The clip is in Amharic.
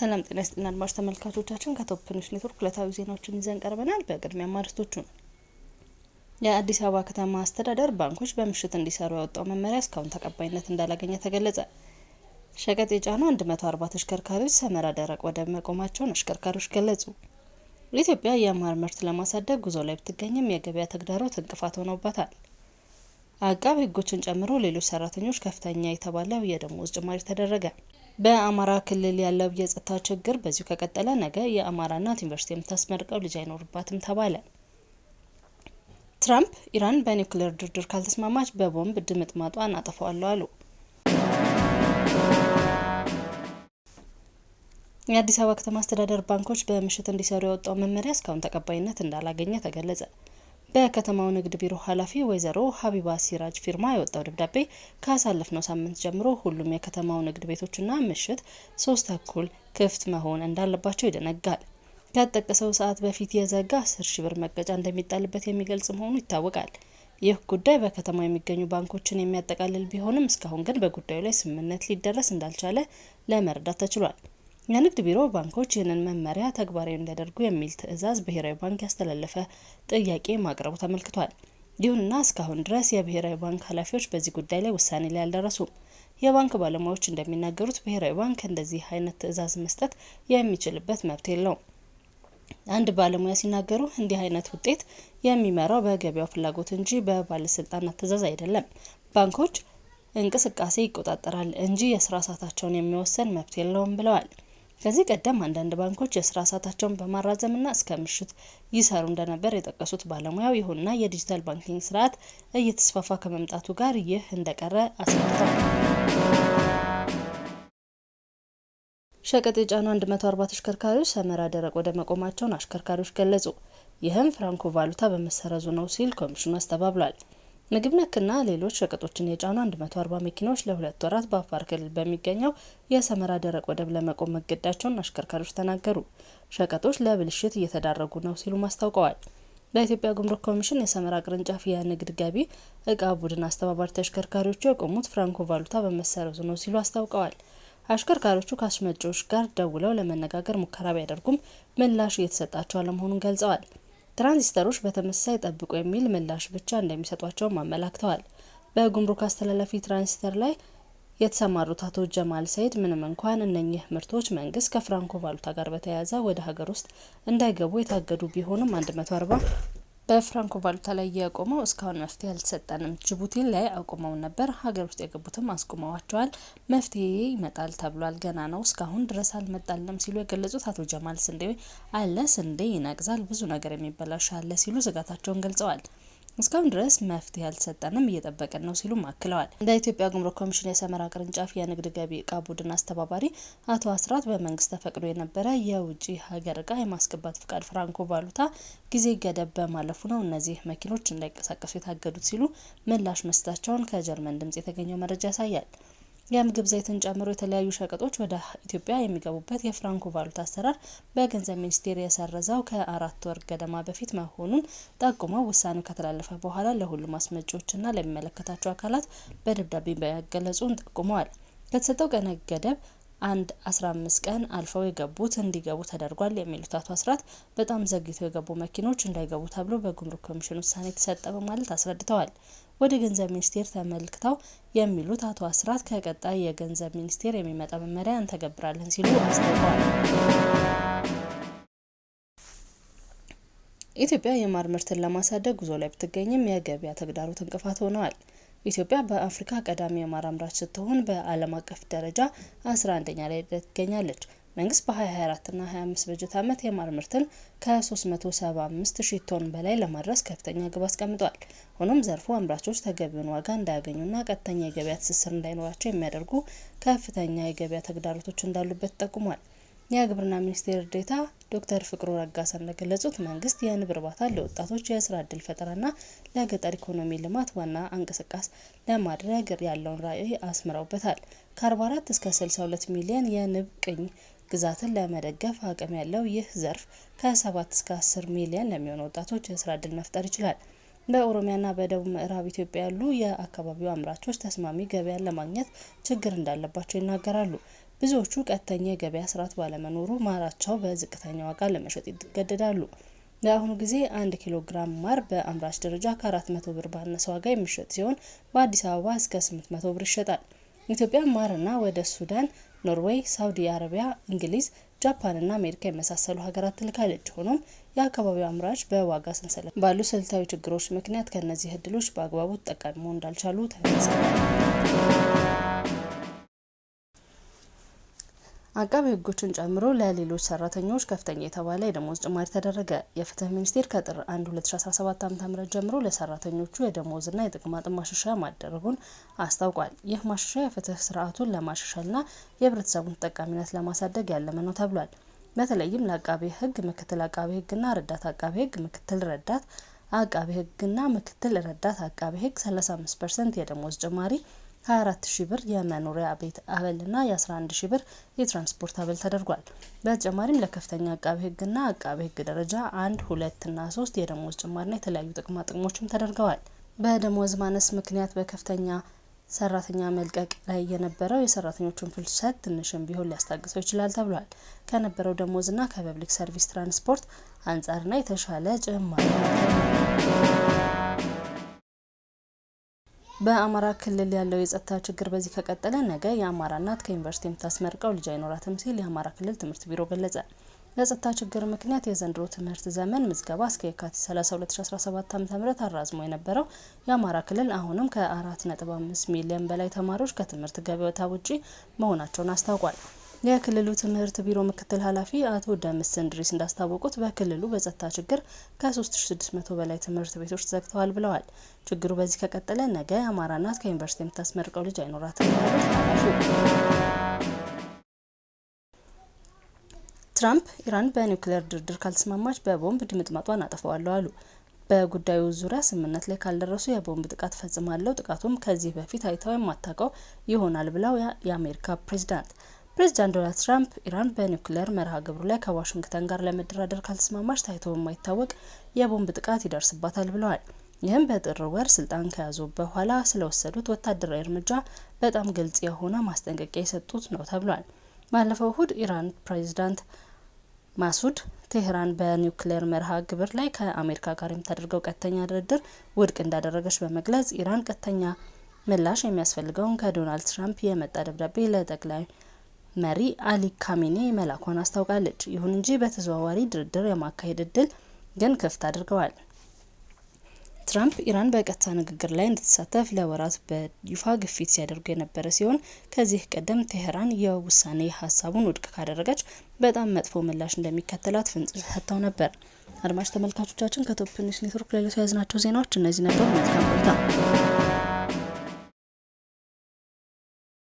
ሰላም ጤና ይስጥልን አድማጭ ተመልካቾቻችን ከቶፕ ኒውስ ኔትወርክ ሁለታዊ ዜናዎችን ይዘን ቀርበናል። በቅድሚያ አርዕስቶቹ ነው። የአዲስ አበባ ከተማ አስተዳደር ባንኮች በምሽት እንዲሰሩ ያወጣው መመሪያ እስካሁን ተቀባይነት እንዳላገኘ ተገለጸ። ሸቀጥ የጫኑ 140 ተሽከርካሪዎች ሰመራ ደረቅ ወደብ መቆማቸውን አሽከርካሪዎች ገለጹ። ኢትዮጵያ የማር ምርት ለማሳደግ ጉዞ ላይ ብትገኝም የገበያ ተግዳሮት እንቅፋት ሆኖባታል። አቃቤ ሕጎችን ጨምሮ ሌሎች ሰራተኞች ከፍተኛ የተባለው የደሞዝ ጭማሪ ተደረገ። በአማራ ክልል ያለው የጸጥታ ችግር በዚሁ ከቀጠለ ነገ የአማራ እናት ዩኒቨርሲቲ የምታስመርቀው ልጅ አይኖርባትም ተባለ። ትራምፕ ኢራን በኒውክሌር ድርድር ካልተስማማች በቦምብ ድምጥማጧን አጠፋዋለሁ አሉ። የአዲስ አበባ ከተማ አስተዳደር ባንኮች በምሽት እንዲሰሩ የወጣው መመሪያ እስካሁን ተቀባይነት እንዳላገኘ ተገለጸ። በከተማው ንግድ ቢሮ ኃላፊ ወይዘሮ ሀቢባ ሲራጅ ፊርማ የወጣው ደብዳቤ ካሳለፍነው ሳምንት ጀምሮ ሁሉም የከተማው ንግድ ቤቶችና ምሽት ሶስት ተኩል ክፍት መሆን እንዳለባቸው ይደነጋል። ከተጠቀሰው ሰዓት በፊት የዘጋ አስር ሺ ብር መቀጫ እንደሚጣልበት የሚገልጽ መሆኑ ይታወቃል። ይህ ጉዳይ በከተማው የሚገኙ ባንኮችን የሚያጠቃልል ቢሆንም እስካሁን ግን በጉዳዩ ላይ ስምምነት ሊደረስ እንዳልቻለ ለመረዳት ተችሏል። የንግድ ቢሮ ባንኮች ይህንን መመሪያ ተግባራዊ እንዲያደርጉ የሚል ትዕዛዝ ብሔራዊ ባንክ ያስተላለፈ ጥያቄ ማቅረቡ ተመልክቷል። ይሁንና እስካሁን ድረስ የብሔራዊ ባንክ ኃላፊዎች በዚህ ጉዳይ ላይ ውሳኔ ላይ አልደረሱም። የባንክ ባለሙያዎች እንደሚናገሩት ብሔራዊ ባንክ እንደዚህ አይነት ትዕዛዝ መስጠት የሚችልበት መብት የለውም። አንድ ባለሙያ ሲናገሩ እንዲህ አይነት ውጤት የሚመራው በገበያው ፍላጎት እንጂ በባለስልጣናት ትዕዛዝ አይደለም። ባንኮች እንቅስቃሴ ይቆጣጠራል እንጂ የስራ ሰዓታቸውን የሚወሰን መብት የለውም ብለዋል። ከዚህ ቀደም አንዳንድ ባንኮች የስራ ሰዓታቸውን በማራዘምና እስከ ምሽት ይሰሩ እንደነበር የጠቀሱት ባለሙያው፣ ይሁንና የዲጂታል ባንኪንግ ስርዓት እየተስፋፋ ከመምጣቱ ጋር ይህ እንደቀረ አስረድተዋል። ሸቀጥ የጫኑ 140 ተሽከርካሪዎች ሰመራ ደረቅ ወደ መቆማቸውን አሽከርካሪዎች ገለጹ። ይህም ፍራንኮ ቫሉታ በመሰረዙ ነው ሲል ኮሚሽኑ አስተባብሏል። ምግብ ነክና ሌሎች ሸቀጦችን የጫኑ 140 መኪናዎች ለሁለት ወራት በአፋር ክልል በሚገኘው የሰመራ ደረቅ ወደብ ለመቆም መገዳቸውን አሽከርካሪዎች ተናገሩ። ሸቀጦች ለብልሽት እየተዳረጉ ነው ሲሉም አስታውቀዋል። በኢትዮጵያ ጉምሩክ ኮሚሽን የሰመራ ቅርንጫፍ የንግድ ገቢ እቃ ቡድን አስተባባሪ ተሽከርካሪዎቹ የቆሙት ፍራንኮ ቫሉታ በመሰረቱ ነው ሲሉ አስታውቀዋል። አሽከርካሪዎቹ ከአስመጪዎች ጋር ደውለው ለመነጋገር ሙከራ ቢያደርጉም ምላሽ እየተሰጣቸው አለመሆኑን ገልጸዋል። ትራንዚስተሮች በተመሳሳይ ጠብቁ የሚል ምላሽ ብቻ እንደሚሰጧቸውም አመላክተዋል። በጉምሩክ አስተላላፊ ትራንዚስተር ላይ የተሰማሩት አቶ ጀማል ሰይድ ምንም እንኳን እነኚህ ምርቶች መንግስት ከፍራንኮ ቫሉታ ጋር በተያያዘ ወደ ሀገር ውስጥ እንዳይገቡ የታገዱ ቢሆንም 140 በፍራንኮ ቫሉታ ላይ የቆመው እስካሁን መፍትሄ አልተሰጠንም። ጅቡቲ ላይ አቁመው ነበር፣ ሀገር ውስጥ የገቡትም አስቁመዋቸዋል። መፍትሄ ይመጣል ተብሏል፣ ገና ነው፣ እስካሁን ድረስ አልመጣልንም ሲሉ የገለጹት አቶ ጀማል ስንዴ አለ ስንዴ ይነቅዛል፣ ብዙ ነገር የሚበላሽ አለ ሲሉ ስጋታቸውን ገልጸዋል። እስካሁን ድረስ መፍትሄ አልተሰጠንም፣ እየጠበቅን ነው ሲሉም አክለዋል። እንደ ኢትዮጵያ ጉምሩክ ኮሚሽን የሰመራ ቅርንጫፍ የንግድ ገቢ እቃ ቡድን አስተባባሪ አቶ አስራት በመንግስት ተፈቅዶ የነበረ የውጭ ሀገር እቃ የማስገባት ፍቃድ ፍራንኮ ቫሉታ ጊዜ ገደብ በማለፉ ነው እነዚህ መኪኖች እንዳይንቀሳቀሱ የታገዱት ሲሉ ምላሽ መስጠታቸውን ከጀርመን ድምጽ የተገኘው መረጃ ያሳያል። የምግብ ዘይትን ጨምሮ የተለያዩ ሸቀጦች ወደ ኢትዮጵያ የሚገቡበት የፍራንኮ ቫሉታ አሰራር በገንዘብ ሚኒስቴር የሰረዘው ከአራት ወር ገደማ በፊት መሆኑን ጠቁመው ውሳኔው ከተላለፈ በኋላ ለሁሉም አስመጪዎችና ለሚመለከታቸው አካላት በደብዳቤ መገለጹን ጠቁመዋል። ከተሰጠው ቀነ ገደብ አንድ 15 ቀን አልፈው የገቡት እንዲገቡ ተደርጓል የሚሉት አቶ አስራት በጣም ዘግይተው የገቡ መኪኖች እንዳይገቡ ተብሎ በጉምሩክ ኮሚሽን ውሳኔ የተሰጠ በማለት አስረድተዋል። ወደ ገንዘብ ሚኒስቴር ተመልክተው የሚሉት አቶ አስራት ከቀጣይ የገንዘብ ሚኒስቴር የሚመጣ መመሪያ እንተገብራለን ሲሉ አስታውቀዋል። ኢትዮጵያ የማር ምርትን ለማሳደግ ጉዞ ላይ ብትገኝም የገበያ ተግዳሮት እንቅፋት ሆነዋል። ኢትዮጵያ በአፍሪካ ቀዳሚ የማር አምራች ስትሆን በዓለም አቀፍ ደረጃ 11ኛ ላይ ትገኛለች። መንግስት በ2024ና 25 በጀት ዓመት የማር ምርትን ከ375 ሺህ ቶን በላይ ለማድረስ ከፍተኛ ግብ አስቀምጧል። ሆኖም ዘርፉ አምራቾች ተገቢውን ዋጋ እንዳያገኙና ቀጥተኛ የገበያ ትስስር እንዳይኖራቸው የሚያደርጉ ከፍተኛ የገበያ ተግዳሮቶች እንዳሉበት ጠቁሟል። የግብርና ሚኒስቴር ዴታ ዶክተር ፍቅሩ ረጋሳ እንደገለጹት መንግስት የንብ እርባታ ለወጣቶች የስራ እድል ፈጠራና ለገጠር ኢኮኖሚ ልማት ዋና እንቅስቃሴ ለማድረግ ያለውን ራዕይ አስምረውበታል። ከ44 እስከ 62 ሚሊዮን የንብ ቅኝ ግዛትን ለመደገፍ አቅም ያለው ይህ ዘርፍ ከ7 እስከ 10 ሚሊዮን ለሚሆኑ ወጣቶች የስራ እድል መፍጠር ይችላል። በኦሮሚያና በደቡብ ምዕራብ ኢትዮጵያ ያሉ የአካባቢው አምራቾች ተስማሚ ገበያን ለማግኘት ችግር እንዳለባቸው ይናገራሉ። ብዙዎቹ ቀጥተኛ የገበያ ስርዓት ባለመኖሩ ማራቸው በዝቅተኛ ዋጋ ለመሸጥ ይገደዳሉ። ለአሁኑ ጊዜ አንድ ኪሎ ግራም ማር በአምራች ደረጃ ከአራት መቶ ብር ባነሰ ዋጋ የሚሸጥ ሲሆን በአዲስ አበባ እስከ ስምንት መቶ ብር ይሸጣል። ኢትዮጵያ ማርና ወደ ሱዳን፣ ኖርዌይ፣ ሳውዲ አረቢያ፣ እንግሊዝ፣ ጃፓንና አሜሪካ የመሳሰሉ ሀገራት ትልካለች። ሆኖም የአካባቢው አምራች በዋጋ ሰንሰለት ባሉ ስልታዊ ችግሮች ምክንያት ከእነዚህ እድሎች በአግባቡ ተጠቃሚ መሆን እንዳልቻሉ ተገለጸ። አቃቤ ሕጎችን ጨምሮ ለሌሎች ሰራተኞች ከፍተኛ የተባለ የደሞዝ ጭማሪ ተደረገ። የፍትህ ሚኒስቴር ከጥር 1 2017 ዓ ም ጀምሮ ለሰራተኞቹ የደሞዝና የጥቅማጥም ማሻሻያ ማደረጉን አስታውቋል። ይህ ማሻሻያ የፍትህ ስርዓቱን ለማሻሻልና የህብረተሰቡን ተጠቃሚነት ለማሳደግ ያለመ ነው ተብሏል። በተለይም ለአቃቤ ሕግ ምክትል አቃቤ ሕግና ረዳት አቃቤ ሕግ፣ ምክትል ረዳት አቃቤ ሕግና ምክትል ረዳት አቃቤ ሕግ 35 ፐርሰንት የደሞዝ ጭማሪ 24 ሺ ብር የመኖሪያ ቤት አበልና የ11 ሺ ብር የትራንስፖርት አበል ተደርጓል። በተጨማሪም ለከፍተኛ አቃቤ ሕግና አቃቤ ህግ ደረጃ አንድ ሁለትና ሶስት የደሞዝ ጭማሪና የተለያዩ ጥቅማ ጥቅሞችም ተደርገዋል። በደሞዝ ማነስ ምክንያት በከፍተኛ ሰራተኛ መልቀቅ ላይ የነበረው የሰራተኞቹን ፍልሰት ትንሽም ቢሆን ሊያስታግሰው ይችላል ተብሏል። ከነበረው ደሞዝና ከፐብሊክ ሰርቪስ ትራንስፖርት አንጻርና የተሻለ ጭማሪ በአማራ ክልል ያለው የጸጥታ ችግር በዚህ ከቀጠለ ነገ የአማራ እናት ከዩኒቨርሲቲ የምታስመርቀው ልጅ አይኖራትም ሲል የአማራ ክልል ትምህርት ቢሮ ገለጸ። ለጸጥታ ችግር ምክንያት የዘንድሮ ትምህርት ዘመን ምዝገባ እስከ የካቲት 30 2017 ዓ.ም አራዝሞ የነበረው የአማራ ክልል አሁንም ከ4.5 ሚሊዮን በላይ ተማሪዎች ከትምህርት ገበታ ውጪ መሆናቸውን አስታውቋል። የክልሉ ትምህርት ቢሮ ምክትል ኃላፊ አቶ ደምስ እንድሪስ እንዳስታወቁት በክልሉ በጸጥታ ችግር ከ3600 በላይ ትምህርት ቤቶች ተዘግተዋል ብለዋል። ችግሩ በዚህ ከቀጠለ ነገ የአማራ እናት ከዩኒቨርሲቲ የምታስመርቀው ልጅ አይኖራትም ትራምፕ ኢራን በኒውክሌር ድርድር ካልተስማማች በቦምብ ድምጥማጧን አጠፋዋለሁ አሉ። በጉዳዩ ዙሪያ ስምምነት ላይ ካልደረሱ የቦምብ ጥቃት ፈጽማለሁ፣ ጥቃቱም ከዚህ በፊት አይተው የማታውቀው ይሆናል ብለው የአሜሪካ ፕሬዚዳንት ፕሬዚዳንት ዶናልድ ትራምፕ ኢራን በኒውክሌር መርሃ ግብሩ ላይ ከዋሽንግተን ጋር ለመደራደር ካልተስማማች ታይቶ የማይታወቅ የቦምብ ጥቃት ይደርስባታል ብለዋል። ይህም በጥር ወር ስልጣን ከያዙ በኋላ ስለወሰዱት ወታደራዊ እርምጃ በጣም ግልጽ የሆነ ማስጠንቀቂያ የሰጡት ነው ተብሏል። ባለፈው እሁድ ኢራን ፕሬዚዳንት ማሱድ ቴህራን በኒውክሌር መርሃ ግብር ላይ ከአሜሪካ ጋር የምታደርገው ቀጥተኛ ድርድር ውድቅ እንዳደረገች በመግለጽ ኢራን ቀጥተኛ ምላሽ የሚያስፈልገውን ከዶናልድ ትራምፕ የመጣ ደብዳቤ ለጠቅላይ መሪ አሊ ካሜኔ መላኳን አስታውቃለች። ይሁን እንጂ በተዘዋዋሪ ድርድር የማካሄድ እድል ግን ክፍት አድርገዋል። ትራምፕ ኢራን በቀጥታ ንግግር ላይ እንድትሳተፍ ለወራት በይፋ ግፊት ሲያደርጉ የነበረ ሲሆን ከዚህ ቀደም ቴህራን የውሳኔ ሀሳቡን ውድቅ ካደረገች በጣም መጥፎ ምላሽ እንደሚከተላት ፍንጭ ሰጥተው ነበር። አድማጭ ተመልካቾቻችን ከቶፕ ትንሽ ኔትወርክ ለዕለቱ የያዝናቸው ዜናዎች እነዚህ ነበሩ። መልካም ቆይታ